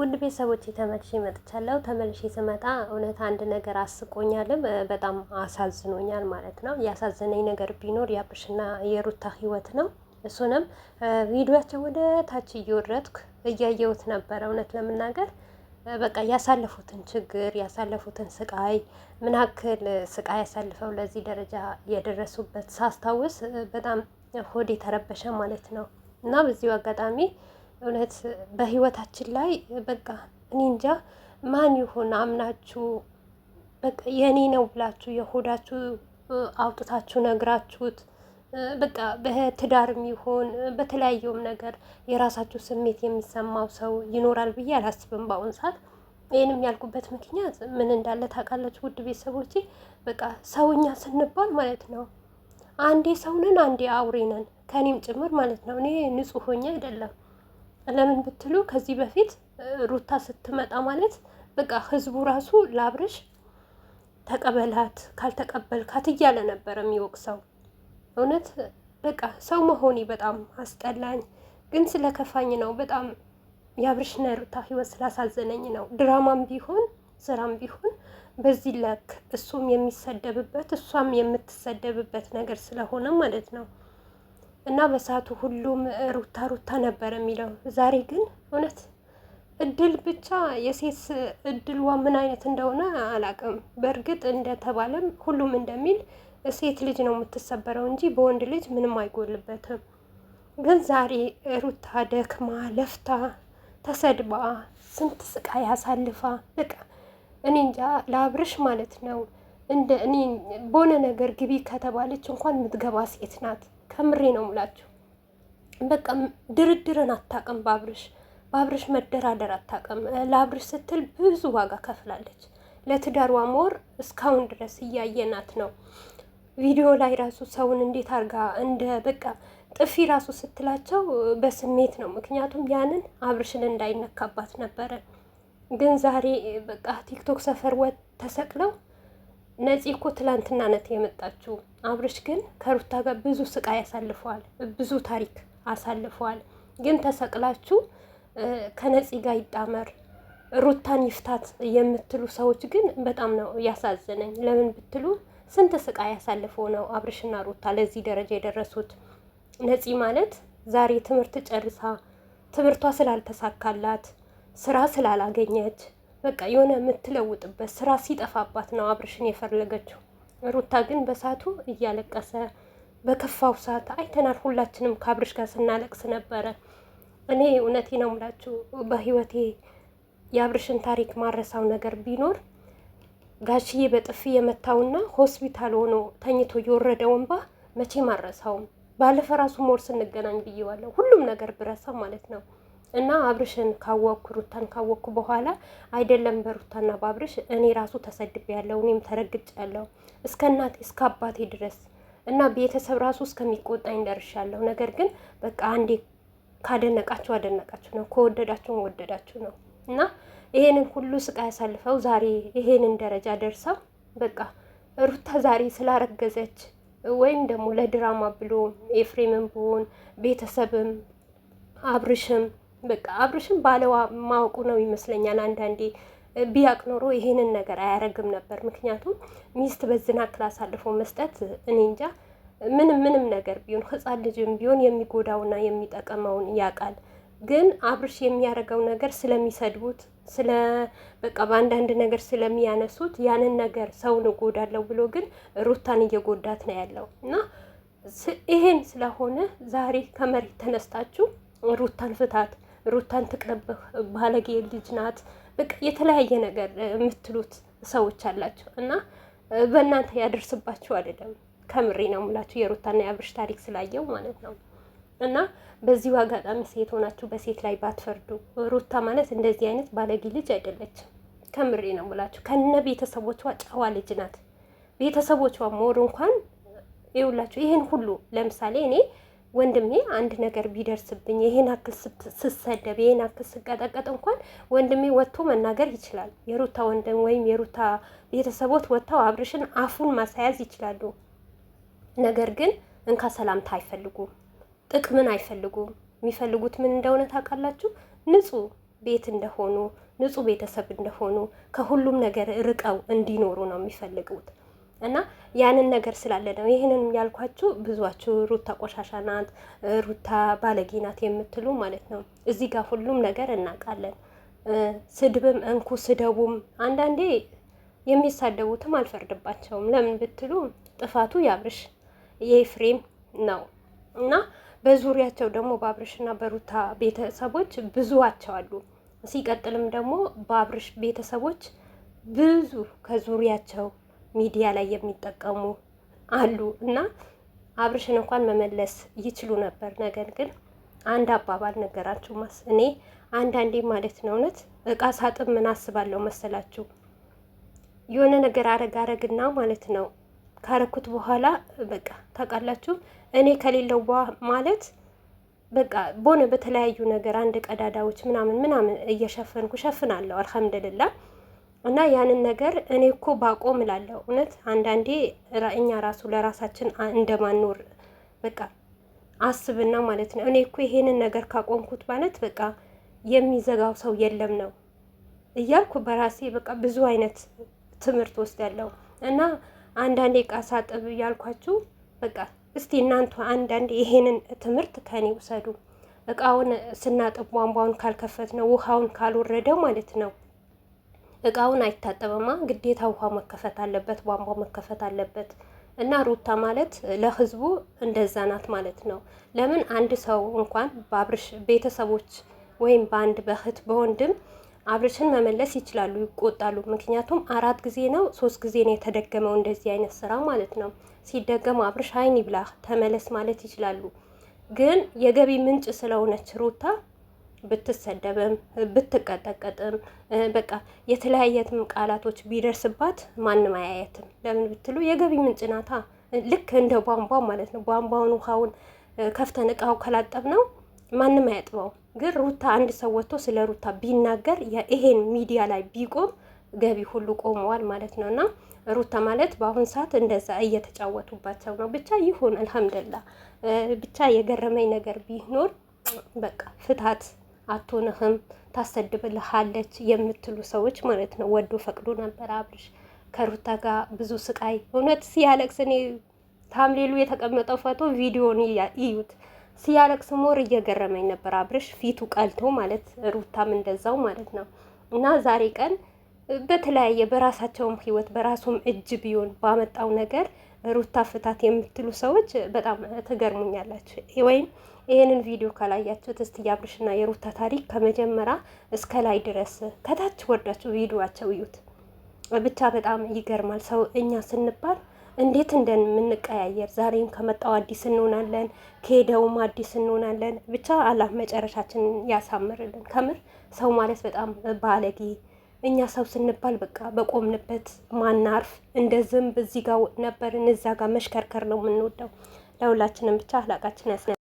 ውድ ቤተሰቦች ተመልሼ መጥቻለሁ። ተመልሼ ስመጣ እውነት አንድ ነገር አስቆኛልም በጣም አሳዝኖኛል ማለት ነው። ያሳዘነኝ ነገር ቢኖር የአብርሽና የሩታ ህይወት ነው። እሱንም ቪዲዮቸው ወደ ታች እየወረድኩ እያየሁት ነበረ። እውነት ለመናገር በቃ ያሳለፉትን ችግር ያሳለፉትን ስቃይ ምን ያክል ስቃይ ያሳልፈው ለዚህ ደረጃ የደረሱበት ሳስታውስ በጣም ሆዴ ተረበሸ ማለት ነው እና በዚሁ አጋጣሚ እውነት በህይወታችን ላይ በቃ እኔ እንጃ ማን ይሆን አምናችሁ በቃ የእኔ ነው ብላችሁ የሆዳችሁ አውጥታችሁ ነግራችሁት በቃ በትዳርም ይሆን በተለያየውም ነገር የራሳችሁ ስሜት የሚሰማው ሰው ይኖራል ብዬ አላስብም በአሁን ሰዓት። ይህንም ያልኩበት ምክንያት ምን እንዳለ ታውቃላችሁ ውድ ቤተሰቦቼ? በቃ ሰውኛ ስንባል ማለት ነው አንዴ ሰው አንዴ አውሬ ነን፣ ጭምር ማለት ነው። እኔ ንጹህ ሆኜ አይደለም ለምን ብትሉ ከዚህ በፊት ሩታ ስትመጣ ማለት በቃ ህዝቡ ራሱ ለአብርሽ ተቀበላት ካልተቀበልካት እያለ ነበረ የሚወቅሰው። እውነት በቃ ሰው መሆኔ በጣም አስጠላኝ፣ ግን ስለከፋኝ ነው። በጣም የአብርሽና የሩታ ህይወት ስላሳዘነኝ ነው። ድራማም ቢሆን ስራም ቢሆን በዚህ ለክ እሱም የሚሰደብበት እሷም የምትሰደብበት ነገር ስለሆነ ማለት ነው። እና በሰዓቱ ሁሉም ሩታ ሩታ ነበር የሚለው። ዛሬ ግን እውነት እድል ብቻ የሴት እድልዋ ምን አይነት እንደሆነ አላውቅም። በእርግጥ እንደተባለም ሁሉም እንደሚል ሴት ልጅ ነው የምትሰበረው እንጂ በወንድ ልጅ ምንም አይጎልበትም። ግን ዛሬ ሩታ ደክማ ለፍታ ተሰድባ ስንት ስቃይ አሳልፋ በቃ እኔ እንጃ ለአብርሽ ማለት ነው እንደ እኔ በሆነ ነገር ግቢ ከተባለች እንኳን የምትገባ ሴት ናት። ከምሬ ነው የምላችሁ። በቃ ድርድርን አታቅም ባብርሽ ባብርሽ መደራደር አታቅም ለአብርሽ ስትል ብዙ ዋጋ ከፍላለች። ለትዳሯ ሞር እስካሁን ድረስ እያየናት ነው። ቪዲዮ ላይ ራሱ ሰውን እንዴት አርጋ እንደ በቃ ጥፊ ራሱ ስትላቸው በስሜት ነው። ምክንያቱም ያንን አብርሽን እንዳይነካባት ነበረ። ግን ዛሬ በቃ ቲክቶክ ሰፈር ወጥ ተሰቅለው ነፂ እኮ ትላንትና ነት የመጣችው። አብርሽ ግን ከሩታ ጋር ብዙ ስቃይ አሳልፈዋል፣ ብዙ ታሪክ አሳልፈዋል። ግን ተሰቅላችሁ ከነፂ ጋር ይጣመር ሩታን ይፍታት የምትሉ ሰዎች ግን በጣም ነው ያሳዘነኝ። ለምን ብትሉ ስንት ስቃይ ያሳልፈው ነው አብርሽና ሩታ ለዚህ ደረጃ የደረሱት። ነፂ ማለት ዛሬ ትምህርት ጨርሳ ትምህርቷ ስላልተሳካላት ስራ ስላላገኘች በቃ የሆነ የምትለውጥበት ስራ ሲጠፋባት ነው አብርሽን የፈለገችው። ሩታ ግን በሳቱ እያለቀሰ በከፋው ሰዓት አይተናል። ሁላችንም ከአብርሽ ጋር ስናለቅስ ነበረ። እኔ እውነቴ ነው የምላችሁ በህይወቴ የአብርሽን ታሪክ ማረሳው ነገር ቢኖር ጋሽዬ በጥፊ የመታውና ሆስፒታል ሆኖ ተኝቶ የወረደ ወንባ መቼ ማረሳውም። ባለፈ ራሱ ሞር ስንገናኝ ብዬዋለሁ። ሁሉም ነገር ብረሳ ማለት ነው እና አብርሽን ካወቅኩ ሩታን ካወቅኩ በኋላ አይደለም በሩታና በአብርሽ እኔ ራሱ ተሰድቤ ያለው እኔም ተረግጭ ያለው እስከ እናቴ እስከ አባቴ ድረስ እና ቤተሰብ ራሱ እስከሚቆጣኝ ደርሻለሁ። ነገር ግን በቃ አንዴ ካደነቃችሁ አደነቃችሁ ነው፣ ከወደዳችሁን ወደዳችሁ ነው። እና ይሄንን ሁሉ ስቃይ ያሳልፈው ዛሬ ይሄንን ደረጃ ደርሰው በቃ ሩታ ዛሬ ስላረገዘች ወይም ደግሞ ለድራማ ብሎ ኤፍሬምም ብሆን ቤተሰብም አብርሽም በቃ አብርሽን ባለዋ ማወቁ ነው ይመስለኛል። አንዳንዴ ቢያቅ ኖሮ ይሄንን ነገር አያረግም ነበር። ምክንያቱም ሚስት በዝን አክል አሳልፎ መስጠት እኔ እንጃ ምንም ምንም ነገር ቢሆን ህፃን ልጅም ቢሆን የሚጎዳውና የሚጠቀመውን ያውቃል። ግን አብርሽ የሚያደርገው ነገር ስለሚሰድቡት ስለ በቃ በአንዳንድ ነገር ስለሚያነሱት ያንን ነገር ሰውን እጎዳለሁ ብሎ ግን ሩታን እየጎዳት ነው ያለው እና ይሄን ስለሆነ ዛሬ ከመሬት ተነስታችሁ ሩታን ፍታት። ሩታን ትቅርብህ፣ ባለጌ ልጅ ናት፣ በቃ የተለያየ ነገር የምትሉት ሰዎች አላቸው እና በእናንተ ያደርስባችሁ አይደለም። ከምሬ ነው የምላችሁ የሩታና የአብርሽ ታሪክ ስላየው ማለት ነው። እና በዚሁ አጋጣሚ ሴት ሆናችሁ በሴት ላይ ባትፈርዱ። ሩታ ማለት እንደዚህ አይነት ባለጌ ልጅ አይደለችም። ከምሬ ነው የምላችሁ ከነ ቤተሰቦቿ ጨዋ ልጅ ናት። ቤተሰቦቿ ሞር እንኳን ይውላችሁ ይህን ሁሉ ለምሳሌ እኔ ወንድሜ አንድ ነገር ቢደርስብኝ ይሄን አክል ስሰደብ ይሄን አክል ስቀጠቀጥ እንኳን ወንድሜ ወጥቶ መናገር ይችላል። የሩታ ወንድም ወይም የሩታ ቤተሰቦች ወጥተው አብርሽን አፉን ማሳያዝ ይችላሉ። ነገር ግን እንካ ሰላምታ አይፈልጉም፣ ጥቅምን አይፈልጉም። የሚፈልጉት ምን እንደሆነ ታውቃላችሁ? ንጹህ ቤት እንደሆኑ፣ ንጹህ ቤተሰብ እንደሆኑ ከሁሉም ነገር ርቀው እንዲኖሩ ነው የሚፈልጉት። እና ያንን ነገር ስላለ ነው ይህንን ያልኳችሁ። ብዙችሁ ሩታ ቆሻሻ ናት፣ ሩታ ባለጌ ናት የምትሉ ማለት ነው። እዚህ ጋር ሁሉም ነገር እናውቃለን። ስድብም እንኩ ስደቡም፣ አንዳንዴ የሚሳደቡትም አልፈርድባቸውም። ለምን ብትሉ ጥፋቱ የአብርሽ የኤፍሬም ነው እና በዙሪያቸው ደግሞ በአብርሽና በሩታ ቤተሰቦች ብዙዋቸው አሉ። ሲቀጥልም ደግሞ በአብርሽ ቤተሰቦች ብዙ ከዙሪያቸው ሚዲያ ላይ የሚጠቀሙ አሉ እና አብርሽን እንኳን መመለስ ይችሉ ነበር። ነገር ግን አንድ አባባል ነገራችሁ ማስ እኔ አንዳንዴ ማለት ነው እውነት እቃ ሳጥን ምን አስባለሁ መሰላችሁ የሆነ ነገር አረግ አረግና ማለት ነው ካረኩት በኋላ በቃ ታውቃላችሁ እኔ ከሌለው ማለት በቃ በሆነ በተለያዩ ነገር አንድ ቀዳዳዎች ምናምን ምናምን እየሸፈንኩ ሸፍናለሁ። አልሐምድልላ እና ያንን ነገር እኔ እኮ ባቆም እላለሁ። እውነት አንዳንዴ እኛ ራሱ ለራሳችን እንደማኖር በቃ አስብና ማለት ነው። እኔ እኮ ይሄንን ነገር ካቆምኩት ማለት በቃ የሚዘጋው ሰው የለም ነው እያልኩ በራሴ በቃ ብዙ አይነት ትምህርት ውስጥ ያለው እና አንዳንዴ እቃ ሳጥብ እያልኳችሁ በቃ እስቲ እናንተ አንዳንዴ ይሄንን ትምህርት ከኔ ውሰዱ። እቃውን ስናጥብ ቧንቧውን ካልከፈት ነው ውሃውን ካልወረደው ማለት ነው እቃውን አይታጠብማ። ግዴታ ውሃ መከፈት አለበት፣ ቧንቧ መከፈት አለበት። እና ሩታ ማለት ለህዝቡ እንደዛ ናት ማለት ነው። ለምን አንድ ሰው እንኳን በአብርሽ ቤተሰቦች ወይም በአንድ በእህት በወንድም አብርሽን መመለስ ይችላሉ፣ ይቆጣሉ። ምክንያቱም አራት ጊዜ ነው ሶስት ጊዜ ነው የተደገመው እንደዚህ አይነት ስራ ማለት ነው። ሲደገሙ አብርሽ አይን ይብላህ ተመለስ ማለት ይችላሉ። ግን የገቢ ምንጭ ስለሆነች ሩታ ብትሰደብም ብትቀጠቀጥም በቃ የተለያየትም ቃላቶች ቢደርስባት ማንም አያየትም። ለምን ብትሉ የገቢ ምንጭ ናታ። ልክ እንደ ቧንቧ ማለት ነው። ቧንቧውን ውሃውን ከፍተን እቃው ከላጠብ ነው ማንም አያጥበው። ግን ሩታ አንድ ሰው ወጥቶ ስለ ሩታ ቢናገር ይሄን ሚዲያ ላይ ቢቆም ገቢ ሁሉ ቆመዋል ማለት ነው። እና ሩታ ማለት በአሁን ሰዓት እንደዛ እየተጫወቱባቸው ነው። ብቻ ይሁን አልሐምዱላ። ብቻ የገረመኝ ነገር ቢኖር በቃ ፍታት አትሆንህም፣ ታሰድብልሃለች የምትሉ ሰዎች ማለት ነው። ወዶ ፈቅዶ ነበር አብርሽ ከሩታ ጋር ብዙ ስቃይ። እውነት ሲያለቅስ እኔ ታምሌሉ የተቀመጠው ፎቶ ቪዲዮን እዩት። ሲያለቅስ ሞር እየገረመኝ ነበር አብርሽ ፊቱ ቀልቶ ማለት ሩታም እንደዛው ማለት ነው። እና ዛሬ ቀን በተለያየ በራሳቸውም ህይወት በራሱም እጅ ቢሆን ባመጣው ነገር ሩታ ፍታት የምትሉ ሰዎች በጣም ትገርሙኛላችሁ። ወይም ይህንን ቪዲዮ ካላያችሁት እስቲ የአብርሽና የሩታ ታሪክ ከመጀመሪያ እስከ ላይ ድረስ ከታች ወርዳችሁ ቪዲዮቸው እዩት። ብቻ በጣም ይገርማል። ሰው እኛ ስንባል እንዴት እንደምንቀያየር ዛሬም ከመጣው አዲስ እንሆናለን፣ ከሄደውም አዲስ እንሆናለን። ብቻ አላህ መጨረሻችንን ያሳምርልን። ከምር ሰው ማለት በጣም ባለጌ እኛ ሰው ስንባል በቃ በቆምንበት ማናርፍ እንደ ዝንብ እዚህ ጋር ነበርን እዛ ጋር መሽከርከር ነው የምንወደው። ለሁላችንም ብቻ አህላቃችን ያስነ